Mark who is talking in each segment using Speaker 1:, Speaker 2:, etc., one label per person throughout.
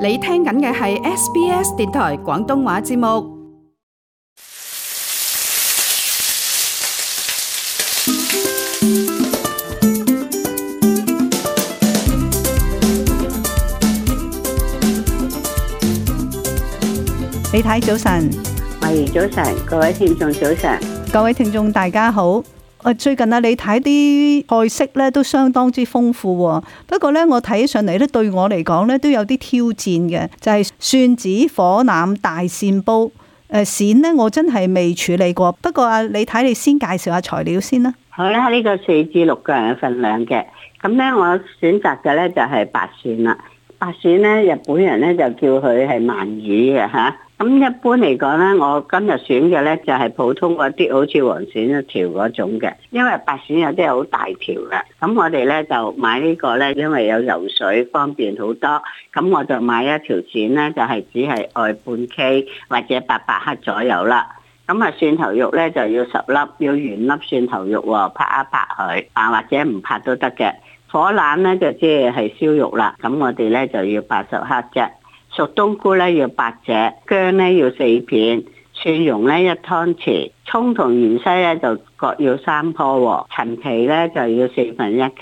Speaker 1: 你聽緊嘅係 SBS 電台廣東話節目。你睇早晨，係早晨，各
Speaker 2: 位聽眾早晨，
Speaker 1: 各位聽眾大家好。啊，最近啊，你睇啲菜式咧都相當之豐富喎。不過咧，我睇起上嚟咧，對我嚟講咧都有啲挑戰嘅，就係蒜子、火腩、大鱔煲。誒、呃，鱔咧我真係未處理過。不過啊，你睇你先介紹下材料先啦。
Speaker 2: 好啦，呢、這個四至六個人嘅份量嘅。咁咧，我選擇嘅咧就係白鱔啦。白鱔咧，日本人咧就叫佢係鰻魚嘅嚇。咁一般嚟講咧，我今日選嘅咧就係普通嗰啲好似黃鱔一條嗰種嘅，因為白鱔有啲係好大條嘅。咁我哋咧就買呢個咧，因為有游水方便好多。咁我就買一條鱔咧，就係只係外半 K 或者八百克左右啦。咁啊蒜頭肉咧就要十粒，要圓粒蒜頭肉喎，拍一拍佢啊，或者唔拍都得嘅。火腩咧就即係燒肉啦，咁我哋咧就要八十克啫。熟冬菇咧要八隻，薑咧要四片，蒜蓉咧一湯匙，蔥同芫茜咧就各要三棵喎。陳皮咧就要四分一啀。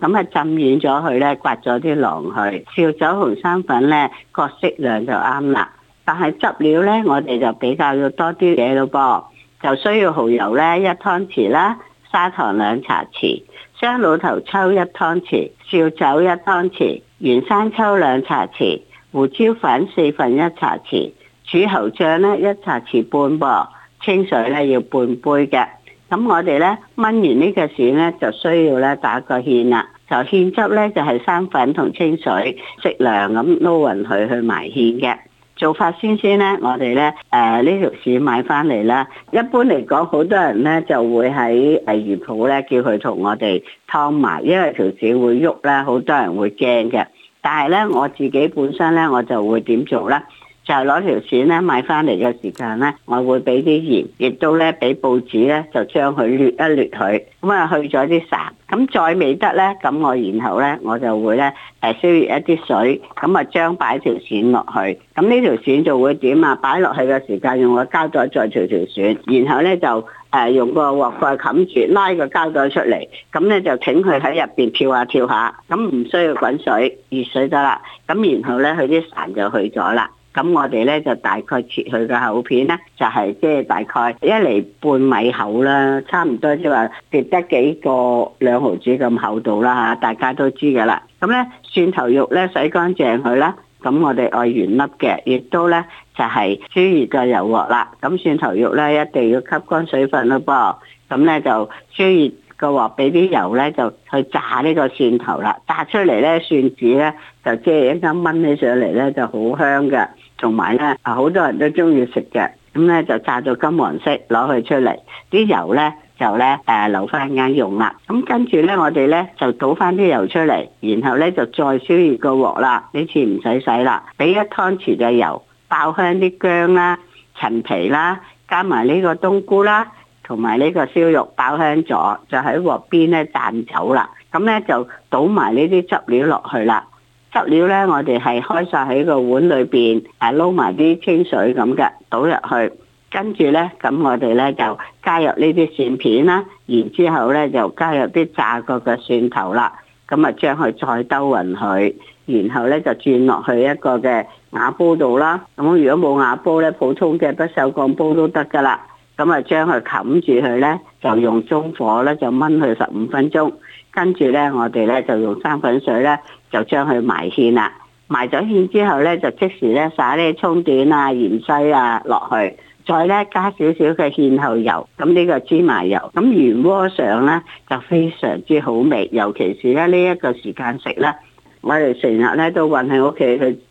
Speaker 2: 咁啊浸軟咗佢咧，刮咗啲狼去，紹酒紅生粉咧，各適量就啱啦。但係汁料咧，我哋就比較要多啲嘢咯噃，就需要蠔油咧一湯匙啦，砂糖兩茶匙，生老頭抽一湯匙，紹酒一湯匙，芫荽抽兩茶匙。胡椒粉四份一茶匙，柱侯醬咧一茶匙半噃，清水咧要半杯嘅。咁我哋咧炆完個呢個鱔咧，就需要咧打個芡啦。就芡汁咧就係、是、生粉同清水適量咁撈匀佢去埋芡嘅做法。先先咧，我哋咧誒呢條鱔、呃、買翻嚟啦。一般嚟講，好多人咧就會喺誒魚鋪咧叫佢同我哋湯埋，因為條鱔會喐咧，好多人會驚嘅。但係呢，我自己本身呢，我就會點做咧？就攞條線咧，買翻嚟嘅時間咧，我會俾啲鹽，亦都咧俾報紙咧，就將佢捋一捋佢，咁啊去咗啲潺。咁再未得咧，咁我然後咧我就會咧誒燒熱一啲水，咁啊將擺條線落去，咁呢條線就會點啊擺落去嘅時間用個膠袋再除條線，然後咧就誒用個鑊蓋冚住，拉個膠袋出嚟，咁咧就請佢喺入邊跳下跳下，咁唔需要滾水熱水得啦，咁然後咧佢啲潺就去咗啦。咁我哋咧就大概切佢嘅厚片咧，就係即係大概一厘半米厚啦，差唔多即係話跌得幾個兩毫子咁厚度啦嚇，大家都知㗎啦。咁咧蒜頭肉咧洗乾淨佢啦，咁我哋愛原粒嘅，亦都咧就係、是、燒熱嘅油鑊啦。咁蒜頭肉咧一定要吸乾水分咯噃，咁咧就燒熱。個鑊俾啲油咧，就去炸呢個蒜頭啦，炸出嚟咧蒜子咧就即係一陣燜起上嚟咧就好香嘅，同埋咧啊好多人都中意食嘅，咁、嗯、咧就炸到金黃色攞佢出嚟，啲油咧就咧誒留翻啱用啦，咁跟住咧我哋咧就倒翻啲油出嚟，然後咧就再燒熱個鑊啦，呢次唔使洗啦，俾一湯匙嘅油爆香啲薑啦、陳皮啦，加埋呢個冬菇啦。同埋呢個燒肉爆香咗，就喺鑊邊咧彈走啦。咁咧就倒埋呢啲汁料落去啦。汁料咧，我哋係開晒喺個碗裏邊，誒撈埋啲清水咁嘅，倒入去。跟住咧，咁我哋咧就加入呢啲蒜片啦，然之後咧就加入啲炸過嘅蒜頭啦。咁啊，將佢再兜勻佢，然後咧就轉落去一個嘅瓦煲度啦。咁、嗯、如果冇瓦煲咧，普通嘅不鏽鋼煲都得噶啦。咁啊，將佢冚住佢呢就用中火呢就炆佢十五分鐘。跟住呢，我哋呢就用生粉水呢就將佢埋芡啦。埋咗芡之後呢，就即時呢撒啲葱段啊、芫荽啊落去，再呢加少少嘅芡後油。咁、這、呢個芝麻油，咁原窩上呢就非常之好味。尤其是咧呢一個時間食呢。我哋成日呢都運喺屋企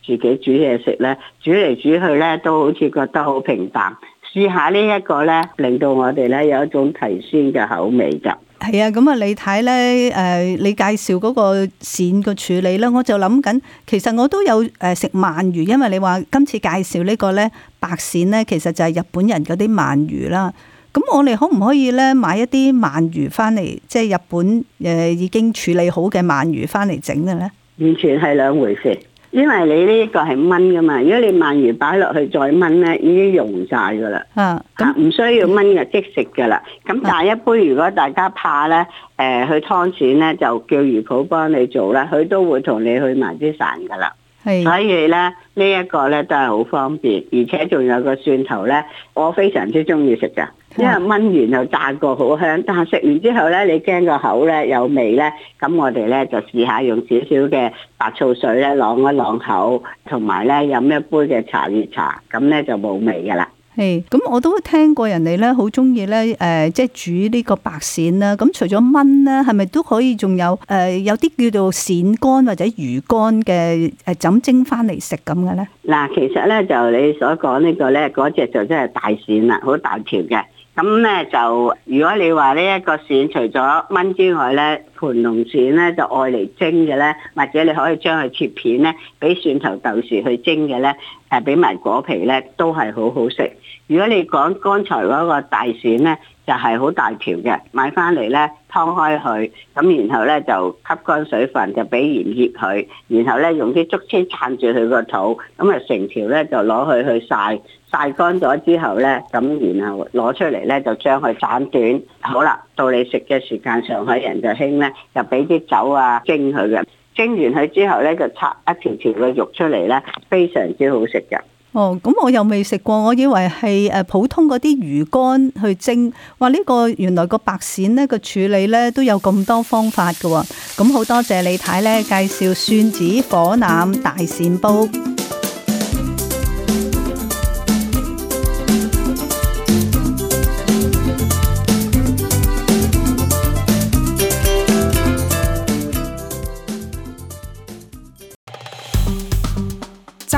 Speaker 2: 去自己煮嘢食呢，煮嚟煮去呢都好似覺得好平淡。試下呢一個咧，令到我哋咧有一種提鮮嘅口味噶。
Speaker 1: 係啊，咁啊，你睇咧，誒，你介紹嗰個鱔嘅處理咧，我就諗緊。其實我都有誒食鰻魚，因為你話今次介紹呢個咧白鱔咧，其實就係日本人嗰啲鰻魚啦。咁我哋可唔可以咧買一啲鰻魚翻嚟，即係日本誒已經處理好嘅鰻魚翻嚟整嘅咧？
Speaker 2: 完全係兩回事。因為你呢個係燜噶嘛，如果你鰻魚擺落去再燜咧，已經溶晒噶啦。
Speaker 1: 嗯、
Speaker 2: 啊，唔、啊、需要燜嘅，即食噶啦。咁但係一般如果大家怕咧，誒、呃、去湯選咧，就叫魚鋪幫你做啦，佢都會同你去埋啲散噶啦。
Speaker 1: 係是。所
Speaker 2: 以咧，這個、呢一個咧都係好方便，而且仲有個蒜頭咧，我非常之中意食噶。因為燜完又炸過，好香。但係食完之後咧，你驚個口咧有味咧，咁我哋咧就試下用少少嘅白醋水咧，晾一晾口，同埋咧飲一杯嘅茶熱茶，咁咧就冇味噶啦。
Speaker 1: 係，咁我都聽過人哋咧好中意咧，誒，即係煮呢個白鱔啦。咁除咗燜咧，係咪都可以仲有誒？有啲叫做鱔乾或者魚乾嘅誒，枕蒸翻嚟食咁嘅咧？
Speaker 2: 嗱，其實咧就你所講呢、這個咧，嗰隻就真係大鱔啦，好大條嘅。咁咧就，如果你話呢一個線除咗蚊之外呢。盤龍鱔咧就愛嚟蒸嘅咧，或者你可以將佢切片咧，俾蒜頭豆豉去蒸嘅咧，誒俾埋果皮咧都係好好食。如果你講剛才嗰個大鱔咧，就係、是、好大條嘅，買翻嚟咧劏開佢，咁然後咧就吸乾水分，就俾鹽醃佢，然後咧用啲竹籤撐住佢個肚，咁啊成條咧就攞去去曬。曬乾咗之後咧，咁然後攞出嚟咧就將佢斬短，好啦。到你食嘅時間，上海人就興咧，就俾啲酒啊蒸佢嘅，蒸完佢之後咧，就拆一條條嘅肉出嚟咧，非常之好食噶。
Speaker 1: 哦，咁我又未食過，我以為係誒普通嗰啲魚乾去蒸。哇！呢個原來個白鱔呢個處理咧都有咁多方法嘅喎。咁好多謝李太咧介紹蒜子火腩大鱔煲。